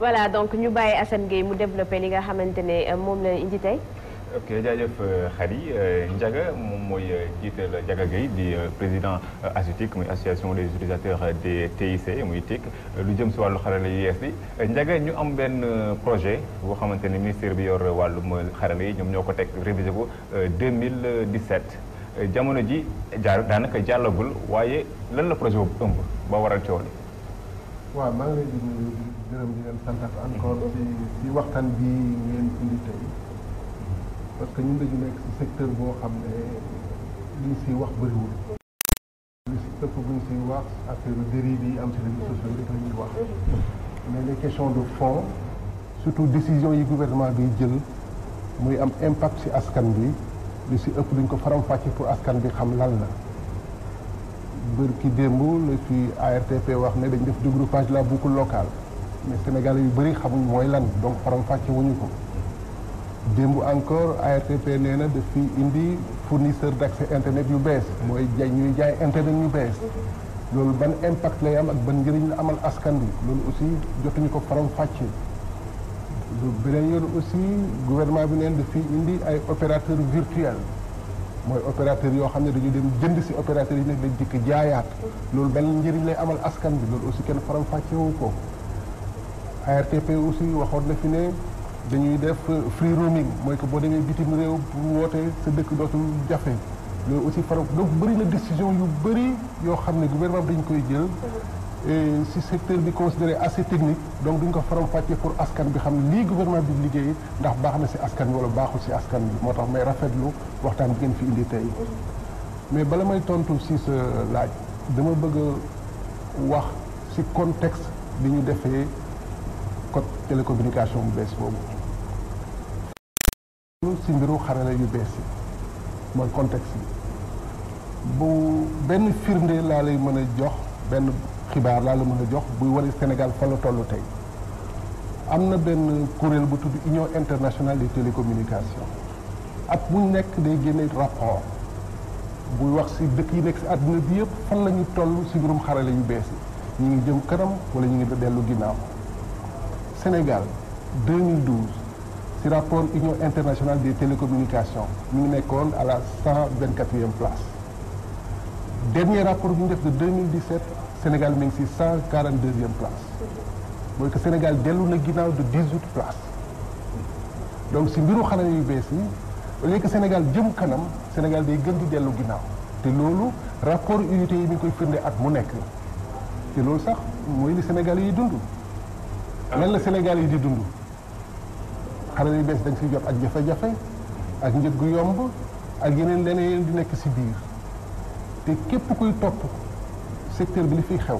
voilà donc ñu bàyyi Assane Gueye mu développé li nga xamante ne euh, moom la indi tey. ok jaajëf euh, Khady euh, Ndiaga moom mooy jiital Ndiaga Gueye di président ASUTIC muy association des utilisateurs des TIC muy TIC lu jëm si wàllu xarala yu yees yi Ndiaga ñu am benn projet boo xamante ne ministère bi yor wàllum xarala yi ñoom ñoo ko teg révisé ko 2017 jamono ji jaar daanaka jàllagul waaye lan la projet boobu ëmb ba waral coow li. gërëm di leen santaat encore ci ci waxtaan bi ngeen indi tey parce que ñu dañu nekk secteur boo xam ne liñ siy wax bëriwul li si ëpp buñ siy wax affaire dérive yi am ci réseaux sociaux la ñuy wax mais les questions de fond surtout décision yi gouvernement bi jël muy am impact ci askan bi li si ëpp duñ ko faram-fàcce pour askan bi xam lal na bër ki démb la fi ARTP wax ne dañ def dégroupage la boucle locale mais Sénégalais yu bëri xamuñ mooy lan donc faram-fàcce wuñu ko démb encore ARTP nee na daf fi indi fournisseur d' accès internet yu bees mooy jaay ñuy jaay internet yu bees loolu ban impact lay am ak ban njëriñ la amal askan bi loolu aussi jotuñu ko faram-fàcce beneen yoon aussi gouvernement bi neen daf fi indi ay opérateur virtuel mooy opérateur yoo xam ne dañu dem jënd si opérateur yi nekk dañ jëkk jaayaat loolu ban njëriñ lay amal askan bi loolu aussi kenn faram-fàcce wu ko ARTP aussi waxoon na fi ne dañuy def free roaming mooy que boo demee bitim réew pour wootee sa dëkk dootul jafe loolu aussi faram donc bëri na décision yu bëri yoo xam ne gouvernement bi dañ koy jël si secteur bi considéré assez technique donc duñ ko faram fàccee pour askan bi xam lii gouvernement bi liggéey ndax baax na si askan bi wala baaxul si askan bi moo tax may rafetlu waxtaan bi ngeen fi indi tey mais bala may tontu si sa laaj dama bëgg a wax si contexte bi ñu defee code bu bees boobu. loolu si mbiru xarala yu bees yi mooy contexte bu benn firnde laa lay mën a jox benn xibaar laa la mën a jox buy wane Sénégal fa tollu toll tey am na benn kuréel bu tudd Union internationale des télécommunications ak mu nekk day génne rapport buy wax si dëkk yi nekk ci àdduna bi yëpp fan la ñu toll si mbirum xarala yu bees yi ñu ngi jëm kanam wala ñu ngi dellu ginnaaw. Sénégal 2012 ci rapport Union internationale des télécommunication mu ngi nekkoon à la 124e place dernier rapport bu ñu def de 2017 Sénégal mi ngi ci 142e place mooy que Sénégal dellu na ginnaaw du 18 places donc ci mbiru xarala yu bees yi au lieu Sénégal jëm kanam Sénégal day gën di dellu ginnaaw te loolu rapport unité yi mi ngi koy firnde ak mu nekk te loolu sax mooy li Sénégal yiy dund. lan la Sénégal yi di dund xarala yu bees dañ fi jot ak jafe-jafe ak njëg gu yomb ak yeneen leneen di nekk ci biir te képp kuy topp secteur bi li fiy xew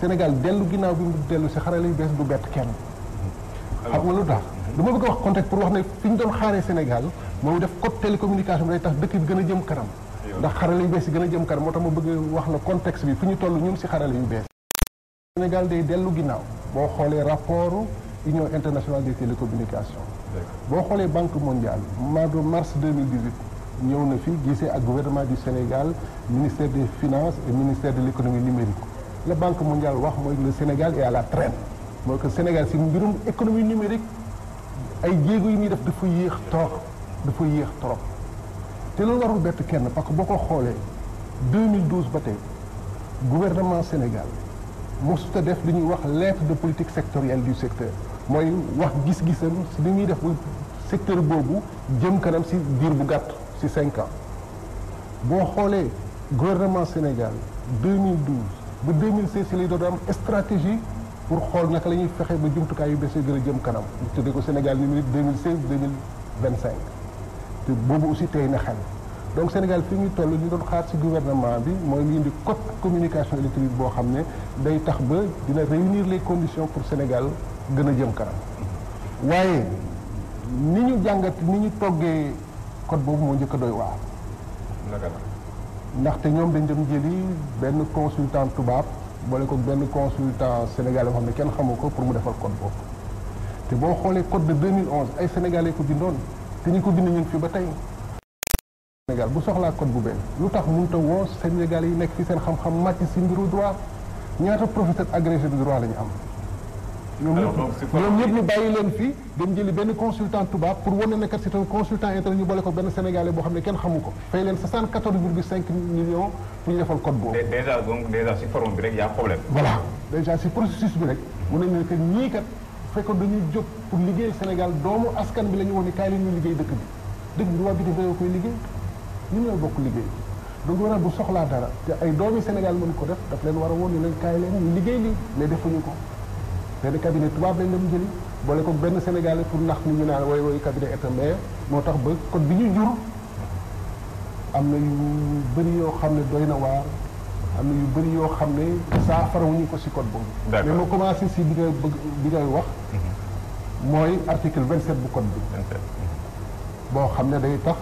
Sénégal dellu ginnaaw bi mu dellu si xarala yu bees du bett kenn. xam nga lu tax bëgg a wax pour wax ne fi ñu doon xaaree Sénégal moom def code télécommunication day tax dëkk bi gën kanam. ndax xarala yu bees yi gën a jëm kanam moo tax ma bëgg wax la contexte bi fi ñu toll ñun si xarala yu bees. Sénégal day dellu ginnaaw. boo xoolee rapport union internationale des télécommunications boo xoolee banque mondiale mois de mars 2018 ñëw na fi gisee ak gouvernement du Sénégal ministère des finance et ministère de l'économie numérique la banque mondiale wax mooy le Sénégal est à la traîne mooy que Sénégal si mbirum économie numérique ay jéego yi ñuy def dafa yéex trop dafa yéex trop te loolu warul bett kenn parce que boo ko xoolee 2012 ba tey gouvernement Sénégal mosut a def li ñuy wax lettre de politique sectorielle du secteur mooy wax gis-gisam si li ñuy def secteur boobu jëm kanam si diir bu gàtt si cinq ans boo xoolee gouvernement Sénégal 2012 ba 2016 si lay doon am stratégie pour xool naka la ñuy fexe ba jumtukaay yu yi gën a jëm kanam ñu tuddee ko Sénégal numérique 2016 2025 te boobu aussi tey na donc Sénégal fi ñu toll li doon xaar ci gouvernement bi mooy ñu indi code communication électronique boo xam ne day tax ba dina réunir les condition pour Sénégal gën a jëm kanam waaye ni ñu jàngat ni ñu toggee code boobu moo njëkk a doy waar. ndaxte ñoom dañ dem jëli benn consultant tubaab boole ko benn consultant sénégalais boo xam ne kenn xamu ko pour mu defal code boobu te boo xoolee code de 2011 ay sénégalais ko bindoon te ñu ko bind ñu ngi ba tey. Sénégal bu soxlaa code bu benn lu tax mënut a woo Sénégal yi nekk fi seen xam-xam màcc si mbiru droit ñaata professeur agrégé de droit la am. ñoom ñëpp ñoom ñëpp ñu bàyyi leen fii dem jëli benn consultant tubaab pour wane ko benn sénégalais boo xam pour ñu defal code boobu. bi rek y'a problème. voilà déjà si processus bi rek. mu ne ne dañuy jóg pour liggéey Sénégal doomu askan bi la ñu wax ne kaay liggéey dëkk bi dëkk bi waa bi dafay koy liggéey. ñun ñoo bokk liggéey donc war bu soxlaa dara te ay doomi Sénégal mën ko def daf leen war a woon ne leen kaay leen ñu liggéey lii mais defuñu ko benn cabinet tubaab lañ dem jëli boole ko benn Sénégalais pour ndax ni ñu naan way way cabinet état moo tax ba code bi ñuy jur am na yu bëri yoo xam ne doy na waar am na yu bëri yoo xam ne saafara wuñu ko si code boobu mais ma commencé si bi nga bëgg bi ngay wax mhm. mooy article 27 bu code bi boo xam ne day tax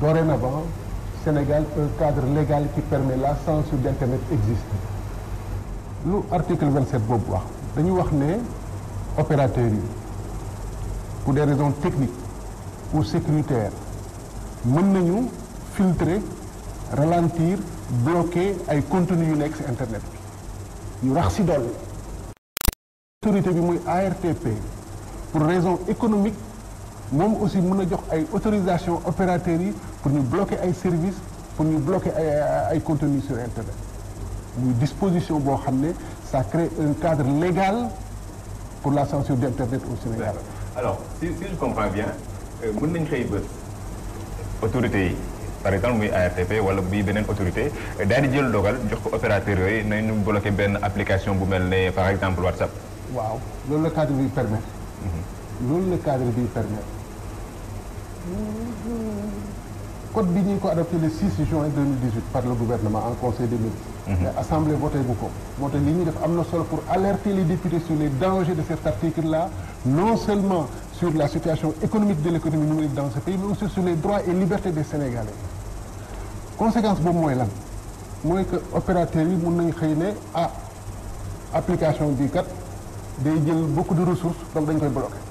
dorénavant Sénégal un cadre légal qui permet la censure d'internet existe lu article 27 boobu wax dañu wax ne opérateurs yi pour des raisons techniques pour sécuritaires mën nañu filtrer ralentir bloquer ay contenus yu nekk ci internet bi ñu rax ci dolli autorité bi muy ARTP pour raison économique moom aussi mën a jox ay autorisation opérateurs yi pour ñu bloquer ay services pour ñu bloquer ay ay contenus sur internet muy disposition boo xam ne ça crée un cadre légal pour la censure d'internet au Sénégal. alors si si je comprends bien euh, mën nañ xëy bët autorités yi par exemple muy ARTP wala bii beneen autorité euh, daal di jël dogal jox ko opérateur yooyu nañu bloqué benn application bu mel ne par exemple WhatsApp. waaw loolu la cadre bi permettre. Mhm. loolu la cadre bi permettre code bi ñu ngi ko adopté le 6 juin 2018 par le gouvernement en conseil des ministres. mais mhm. assemblée voté bu ko. moo tax li ñuy def am na solo pour alerté les députés sur les dangers de cet article là non seulement sur la situation économique de l' économie numérique dans ce pays mais aussi sur les droits et libertés des sénégalais. conséquence boobu mooy lan mooy que opérateurs yi mun nañ xëy ne ah application bi kat day jël beaucoup de ressources donc dañ koy bloqué.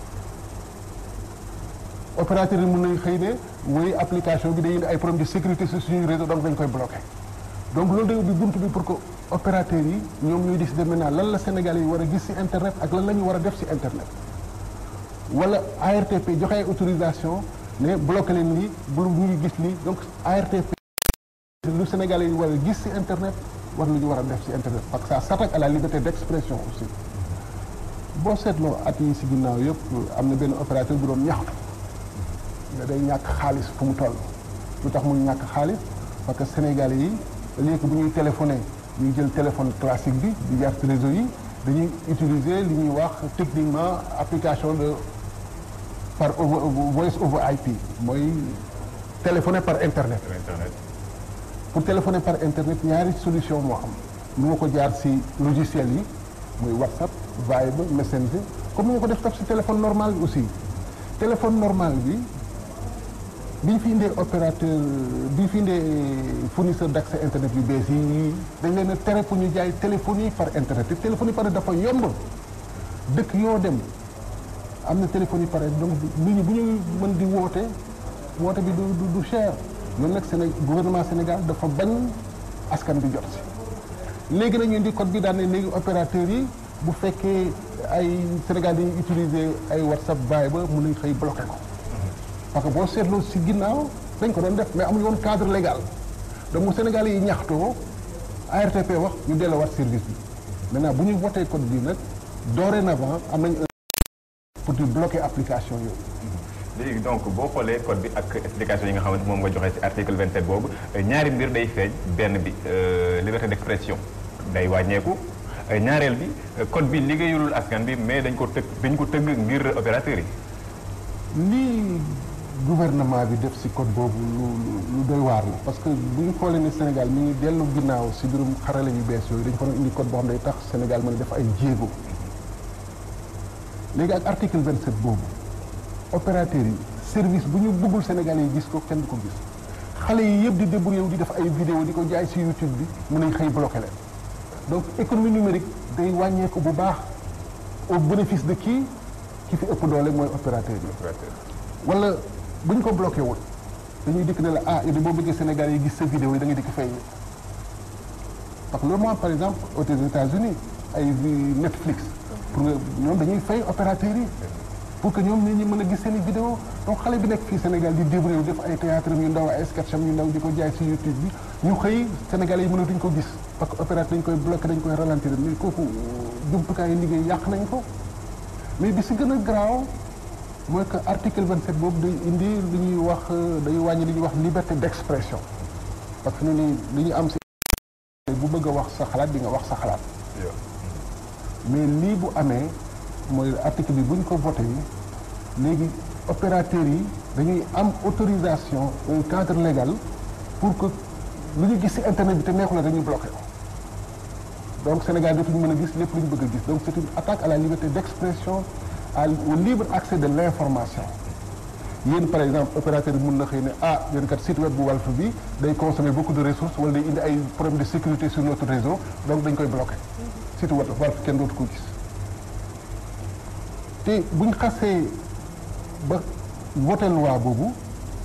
opérateur yi mun nañ xëy ne mooy application bi day indi ay problème de sécurité sur suñu réseau dañu koy bloqué donc loolu day ubbi bunt bi pour que opérateur yi ñoom ñuy ñooy décider naa lan la Sénégalais yi war a gis ci internet ak lan la ñu war a def ci internet wala ARTP joxe ay autorisation ne bloqué leen lii bul ñu gis lii donc ARTP lu sénégale yi war a gis ci internet war lu ñu war a def ci internet parce que ça s'attaque à la liberté d'expression boo seetloo at yi ci ginnaaw yëpp am na benn opérateur bu doon ñaxtu ne day ñàkk xaalis fu mu toll lu tax muy ñàkk xaalis parce que sénégalais yi léegi bu ñuy téléphoné ñuy jël téléphone classique bi di jaar réseau yi dañuy utiliser li ñuy wax techniquement application de par voice over IP mooy téléphone par internet. pour téléphone par internet ñaari solution moo am nu ma ko jaar si logiciel yi muy WhatsApp Viber Messenger comme nga ko def taf si téléphone normal bi aussi téléphone normal bi. bi ñu fi indee opérateur bi ñu fi indee eh, fournisseur d' accès internet yu bees yi dañ leen a tere pour ñu jaay téléphone yi par internet te téléphonie par dafa yomb dëkk yoo dem am na téléphone téléphonie par donc nit ñi bu ñu man di woote woote bi du du cher loolu nag Séné gouvernement Sénégal dafa bañ askan bi jot si léegi nag ñu code bi daan ne léegi opérateur yi bu fekkee ay Sénégal yi utiliser ay WhatsApp baay ba mu nañ xëy bloqué ko. parce que boo seetloo si ginnaaw dañ ko doon def mais amuñu woon cadre légal donc mu Sénégal yi ñaxtoo ARTP wax ñu delluwaat service bi naa bu ñu voté code bi nag dorénavant am nañ pour di bloquer application léegi donc boo xoolee code bi ak explication yi nga xamante moom nga joxee ci article 27 boobu ñaari mbir day feeñ benn bi euh, liberté d'expression day wàññeeku ñaareel bi code bi liggéeyulul askan bi mais dañ ko tëgg dañ ko tëgg ngir opérateur yi. lii gouvernement bi def si code boobu lu lu doy waar la parce que bu ñu xoolee ne Sénégal mi ngi dellu ginnaaw si mbirum xarale yu bees yooyu dañ ko doon indi code tax Sénégal mën def ay jéego léegi ak article 27 boobu opérateur yi service bu ñu buggul Sénégal yi gis ko kenn du ko gis xale yi yëpp di débrouillé wu di def ay vidéo di ko jaay si YouTube bi mun nañ xëy bloqué leen donc économie numérique day wàññeeku bu baax au bénéfice de kii ki fi ëpp doole mooy opérateur bi wala bu ñu ko bloqué woon dañuy dikk ne la ah yow boo bëggee Sénégal yi gis sa vidéo yi da ngay dikk fay parce que loolu moo par exemple aux états ay Netflix pour nga ñoom dañuy fay opérateurs yi pour que ñoom nit ñi mën a gis seen i vidéo donc xale bi nekk fii Sénégal di débrouiller def ay théâtre yu ndaw ay sketch am yu ndaw di ko jaay si YouTube bi ñu xëy Sénégalais yi mënatuñ ko gis parce que opérateur dañ koy bloqué dañ koy ralentir mais kooku jumtukaay yi liggéey yàq nañ ko mais bi si gën a garaaw mooy que article 27 boobu day indi li ñuy wax day wàññi li ñuy wax liberté d'expression parce que nii li ñu am si bu bëgg a wax sa xalaat di nga wax sa xalaat mais lii bu amee mooy article bi buñ ko voté yi léegi opérateurs yi dañuy am autorisation un cadre légal pour que lu ñu gis si internet bi te neexu la dañuy bloqué ko donc Sénégal dootuñu mën a gis lépp lu ñu bëgg a gis donc c'est une attaque à la liberté d'expression au libre accès de l'information yéen par exemple opérateur bi mën na xëy ne ah yéen kat site web bu Walf bi day consommer beaucoup de ressources wala day indi ay problème de sécurité sur notre réseau donc dañ koy bloqué site web Walf kenn dootu ko gis te buñ xasee ba voté loi boobu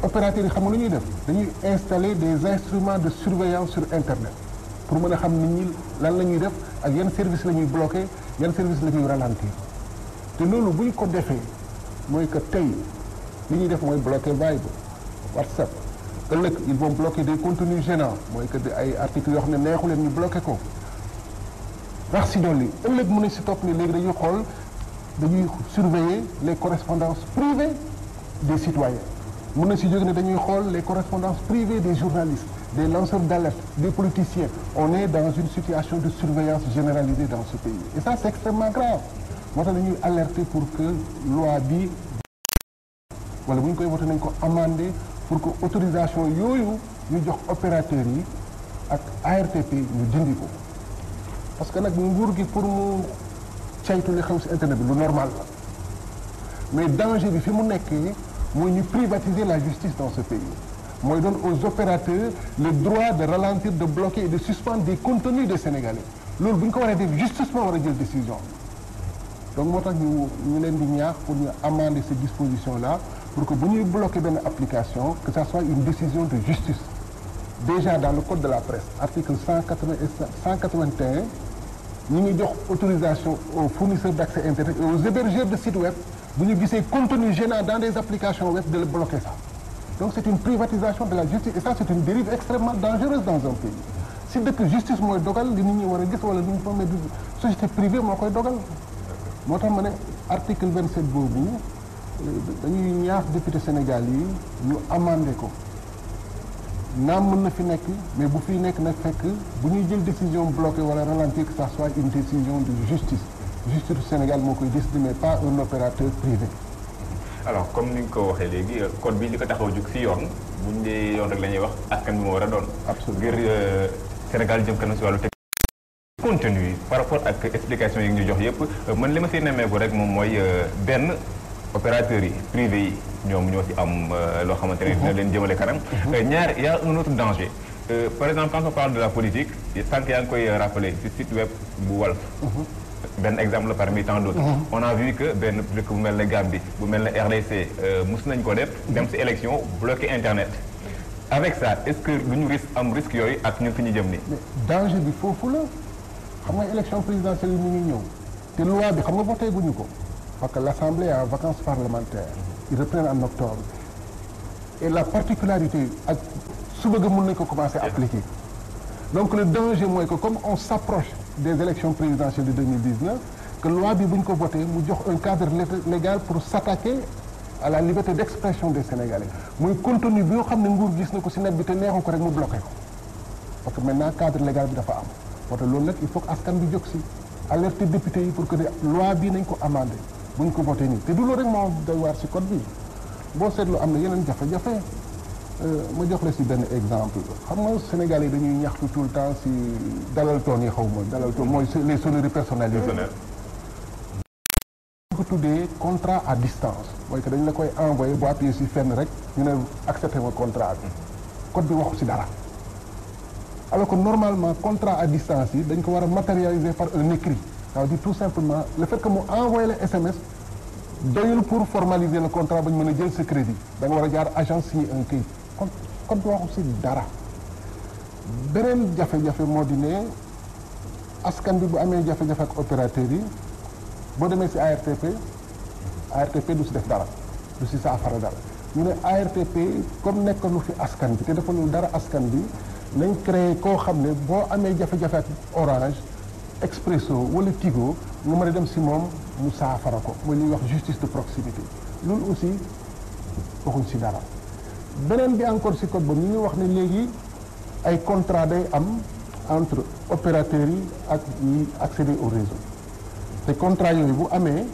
opérateur yi xam nga lu ñuy def dañuy installer des instruments de surveillance sur internet pour mën a xam nit ñi lan la ñuy def ak yan service la ñuy bloqué yan service la ñuy ralentir te loolu bu ñu ko defee mooy que tey li ñuy def mooy bloquer Viber WhatsApp ëllëg ils vont bloquer des contenus gênants mooy que ay articles yoo xam ne neexu leen ñu bloquer ko rax si dolli ëllëg mun nañ si topp ni léegi dañuy xool dañuy surveiller les correspondances privées des citoyens mën na si jóge ne dañuy xool les correspondances privées des journalistes des lanceurs d'alerte des politiciens on est dans une situation de surveillance généralisée dans ce pays et moo tax dañuy alerter pour que loi bi wala bu ñu koy voté nañ ko amendé pour que autorisation yooyu ñu jox opérateurs yi ak ARTP ñu dindi ko parce que nag nguur gi pour mu caytu li xew ci internet bi lu normal mais danger bi fi mu nekkee mooy ñu privatiser la justice dans ce pays mooy donne aux opérateurs le droit de ralentir de bloquer et de suspendre des contenus des Sénégalais loolu bu ñu ko waree def justice moo war a jël décision donc moo tax ñu ñu leen di ñaax pour ñu amender la dispositions là pour que bu ñuy bloquer benn application que ça soit une décision de justice déjà dans le code de la presse article 180 et ngi jox autorisation aux fournisseurs d'accès internet et aux hébergeurs de sites web bu ñu gisee contenu gênant dans des applications web de le la justice et ça c'est extrêmement dangereuse dans un pays si dëkk justice mooy dogal li nit ñi war a gis wala privée moo koy dogal moo tax ma ne article 27 boobu dañuy ñaax député Sénégal yi ñu amandé ko naam mën na fi nekk mais bu fi nekk nag fekk bu ñuy jël décision bloquée wala ralentir que ça soit une décision de justice justice Sénégal moo koy décider mais pas un opérateur privé. alors comme ni nga ko waxee léegi code bi li ko taxaw jug si yoon bu ñu dee yoon rek la ñuy wax askan bi moo war a doon. absolu ngir euh, Sénégal jëm kanam si wàllu contenu par rapport ak explication yi ñu jox yëpp euh, man li ma si nemmeeku rek moom mooy euh, benn opérateurs yi privé yi ñoom ñoo si am euh, loo xamante ne dina mhm. leen jëmale kanam. Mhm. ñaar y a un autre danger. par exemple quand on parle de la politique sànq yaa ngi koy rappelé ci site web bu Walf. Mhm. benn exemple par parmi tant d'autres. on a vu que benn dëkk bu mel ne Gambie bu mel ne RDC mus nañ ko def. dem si élection bloqué internet. avec ça est-ce que lu ñu risque am risque yooyu ak ñun ñu jëm xam nga élection présidentielle yi mu ngi ñëw te loi bi xam nga voté guñu ko parce que l' assemblée a vacances parlementaires ils reprennent en octobre et la particularité ak su bëgg mun nañ ko commencer appliquer donc le danger mooy que comme on s'approche des élections présidentielles de 2019 que loi bi bu ñu ko voté mu jox un cadre légal pour s'attaquer à la liberté d'expression de Sénégalais muy contenu bi yoo xam ne nguur gis na ko si nag bi te neexu ko rek mu bloqué ko parce que maintenant cadre bi dafa am moo loolu nag il faut askan bi jóg si alerte député yi pour que de loi bii nañ ko amendé buñ ko voté nii te du loolu rek moo doy waar si code bi boo seetlu am na yeneen jafe-jafe euh, ma jox la si benn exemple xam nga Sénégal yi dañuy ñaxtu tout le temps si dalal toon yi xaw ma dalal toon mooy les sonneries personnalisées ko tuddee contrat à distance mooy que dañ la koy envoyé boo appuyé si fenn rek ñu ne accepté ma contrat bi code bi waxu si dara alors que normalement contrat à distance yi dañ ko war a matérialiser par un écrit ça tout simplement le fekk mu envoyé la SMS doyul pour formaliser le contrat ba ñu mën a jël sa crédit da war a jaar agence signé un këyit kon kon waxul si dara beneen jafe-jafe moo di ne askan bi bu amee jafe-jafe ak opérateurs yi boo demee si ARTP ARTP du si def dara du si saafara dara ñu ne ARTP comme nekk lu fi askan bi te defalul dara askan bi nañ créé koo xam ne boo amee jafe-jafe ak orange expresso wala tigo nga mën a dem si moom mu saafara ko mooy li ñuy wax justice de proximité loolu aussi waxuñ si dara beneen bi encore si code boobu ñu ngi wax ne léegi ay contrat day am entre opérateurs yi ak ñi accéder au réseau te contrat yooyu bu amee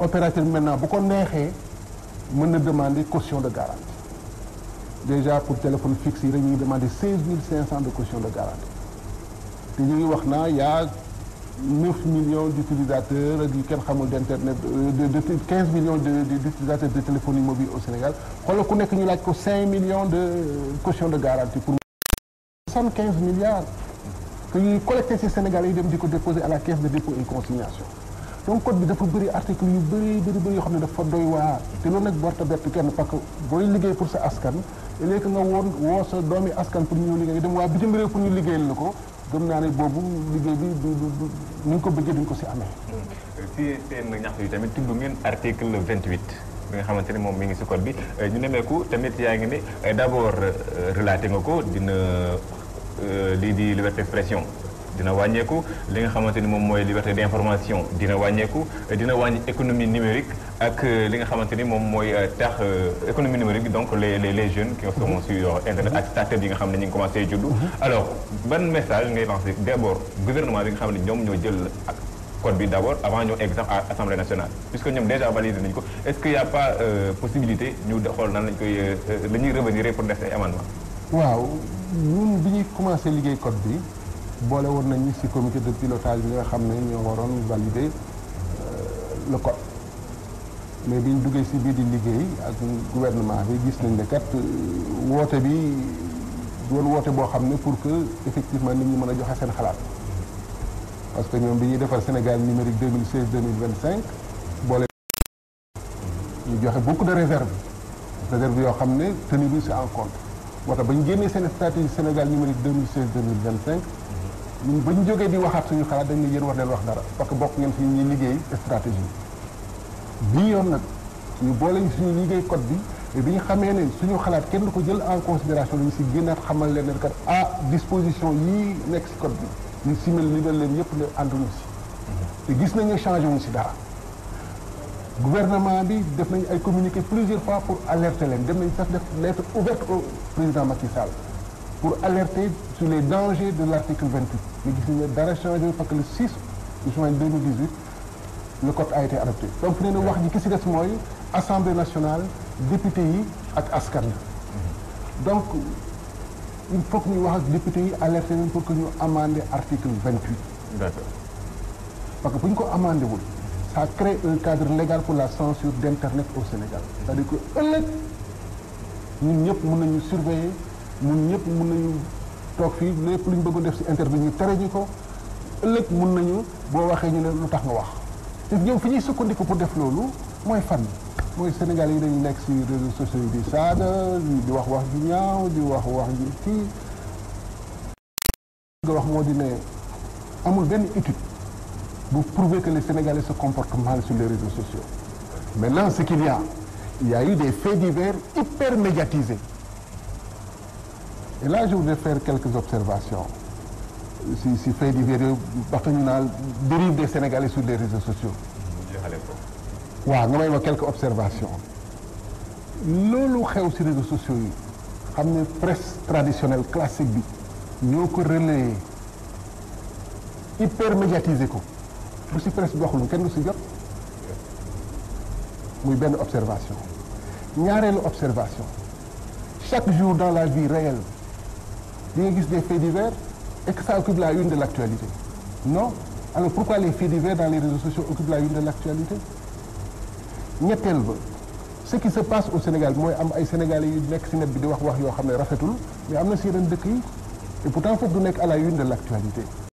opérateur maintenant bu ko neexee mën na demander caution de garantie déjà pour téléphone fixe yi dañuy demandé 16500 de caution de garantie te ñu ngi wax naa y a 9 millions d'utilisateurs ak yu kenn xamul d'internet euh, de de 15 millions de d'utilisateurs de téléphonie mobile au Sénégal xoolal ku nekk ñi laaj ko 5 millions de caution de garantie pour 75 milliards que ñuy collecté ci Sénégal yi dem di ko déposer à la caisse de dépôt et consignation donc code bi dafa bëri article yu bëri bëri bëri yoo xam ne daf doy waar te nag warta bett kenn parce que booy liggéey pour sa askan léegi que nga woon woo sa doomi askan pour ñu ñëw liggéey dem waaye bitim réew ñu liggéeyal la ko gëm naa ne boobu liggéey bi du ñu ko bëggee duñ ko si amee. si seen ñaxtu yi tamit tudd ngeen article 28. bi nga xamante ne moom mi ngi si code bi ñu nemeeku tamit yaa ngi ne eh, d' abord euh, relaté nga ko dina euh, lii di liberté d' expression dina wàññeeku li nga xamante ni moom mooy liberté d' information dina wàññeeku dina wàññi économie numérique. ak euh, li nga xamante ni moom mooy euh, tax euh, économie numérique donc les les les jeunes qui sont mhm. sur internet ak start yi nga xam ne ñu ngi commencé juddu. Mhm. alors ban message ngay lancé d' gouvernement bi nga xam ne ñoom ñoo jël ak code bi d' abord avant ñoo egg sax à assemblée nationale puisque ñoom déjà validé nañu ko est ce que y' a ñu xool nan lañ koy la ñuy revenir pour def ay amendement. waaw ñun bi ñuy commencé liggéey code bi boole woon nañu ci comité de pilotage bi nga xam ne ñoo waroon valider la ko mais bi ñu duggee si biir di liggéey ak guvernement bi gis nañ ne kat euh, woote bi doon woote boo xam ne pour que effectivement nit ñi mën a joxe seen xalaat parce que ñoom bi ñuy defar Sénégal numérique 2016 2025 boole ñu joxe beaucoup de réserve réserve yoo xam ne tenue bi c'est en compte wata ba ñu génnee seen stratégie Sénégal numérique 2016 2025 ñun ba ñu jógee di waxaat suñu xalaat dañ ne yéen war leen wax dara parce bokk ngeen fi ñuy liggéey stratégie bii yoon nag ñu boole ñu suñu liggéey code bi bi ñu xamee ne suñu xalaat kenn du ko jël en considération dañu si génnaat xamal leen ne kat ah disposition yii nekk si code bi ñu simel li leen yëpp ne ànduñu si te gis nañ ne changé wuñ si dara gouvernement bi def nañ ay communiqué plusieurs fois pour alerter leen dem nañ sax def lettre ouverte au président Macky Sall pour alerter sur les dangers de l' article 28 mais gis nañ ne dara changé parce que le 6 juin 2018 le code a été adopté donc nee na wax ji ki si des mooy assemblée nationale député yi ak askan la donc il faut ñu wax ak député yi alerté leen pour que ñu amender article vingt huit parce que bu ñu ko amendé wul ça crée un cadre légal pour la censure d'internet au Sénégal c'est-à-dire que ëllëg ñun ñëpp mun nañu surveiller ñun ñëpp mun nañu toog fii lépp lu ñu bëggoon def ci internet ñu tere ñu ko ëllëg mën nañu boo waxee ñu ne lu tax nga wax ñoom fi ñuy sukkandiku pour def loolu mooy fan mooy Sénégal yi dañu nekk si réseaux sociaux yi di saaga di wax wax ju ñaaw di wax wax ju kii nga wax moo di ne amul benn étude bu prouver que les Sénégalais se comportent mal sur les réseaux sociaux maintenant ce qu'il y a il y a eu des faits divers hyper médiatisés et là je voudrais faire quelques observations si si fait divers yooyu wax nañu naan dérive des Sénégalais sur les réseaux sociaux. waaw nga may ma quelques observations loolu xew si réseaux sociaux yi xam ne presse traditionnelle classique bi ñoo ko relayé hyper médiatisé ko bu si presse bi waxul kenn du si jot muy benn observation ñaareelu observation chaque jour dans la vie réelle di nga gis des faits divers et que ça occupe la une de l'actualité non alors pourquoi les faits divers dans les réseaux sociaux occupent la une de l'actualité ñetteel ba ce qui se passe au Sénégal mooy am ay sénégalais yu nekk ci net bi di wax wax yoo xam ne rafetul mais am na si yeneen dëkk yi et pourtant foofu du nekk à la une de l'actualité